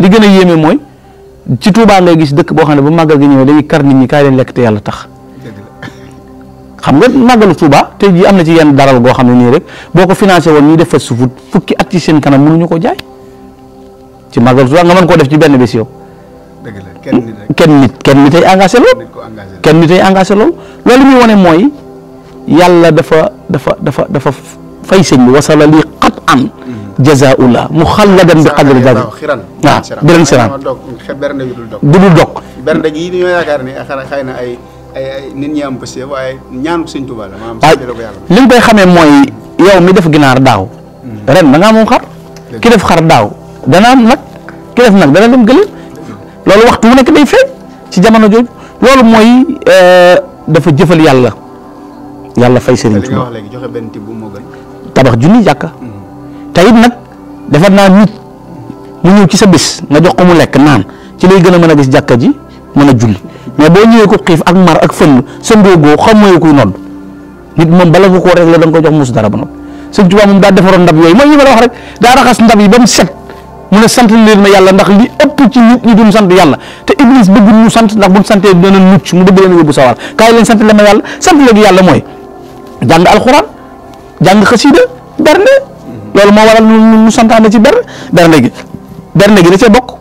li gën a yéeme mooy ci Touba ngay gis dëkk boo xam ne bu màggal gi ñëwee dañuy kar nit ñi kaay leen lekk te yàlla tax xam nga màggalu Touba tey jii am na ci yenn daral goo xam ne nii rek boo ko financé woon ñuy def fa suuf fukki at ci seen kanam mënuñu ko jaay ci màggalu Touba nga mën koo def ci benn bés yow. la kenn nit kenn nit kenn nit ay engagé lool. kenn nit ay engagé lool loolu muy wane mooy yàlla dafa dafa dafa dafa fay sëñ bi wasala lii xat an mm. jazaula mukhalladan bi qadri dhalik nah beren siram dudul gitu, dok bernde gi ñu yaakar ni xayna ay ay nit ñi am bëssé way ñaanu señ touba la yalla li bay xamé moy yow ya, mi def ginaar daaw hmm. ren da nga mo xar ki def xar daaw dana am nak ki def nak na dem gëlem lolu waxtu mu nek day feñ ci jamono joj lolu moy euh dafa jëfël yalla yalla fay señ touba tabax junni jakka te it nag defar naa nit mu ñëw ci sa bis nga jox ko mu lekk naan ci lay gën a mën a gis jàkka ji man a julli mais boo ñëwee ko xiif ak mar ak fënd sa xam xamoo kuy nodd nit moom bala nga koo rek la da nga ko jox muus dara ba noppi sëñ Tuubaa moom daa defaroon ndab yooyu mooy li ma la wax rek daa raxas ndax yi ba mu set mu ne sant leen ma yàlla ndax li ëpp ci nit ñi duñ sant yàlla te iblis bëggul mu sant ndax buñ santee dana mucc mu bëgg leen yóbbu sawar kaay leen sant leen ma yàlla sant yàlla mooy jàng loolu moo waral ñu santaane ci ber bernde gi bernde gi da cee bokk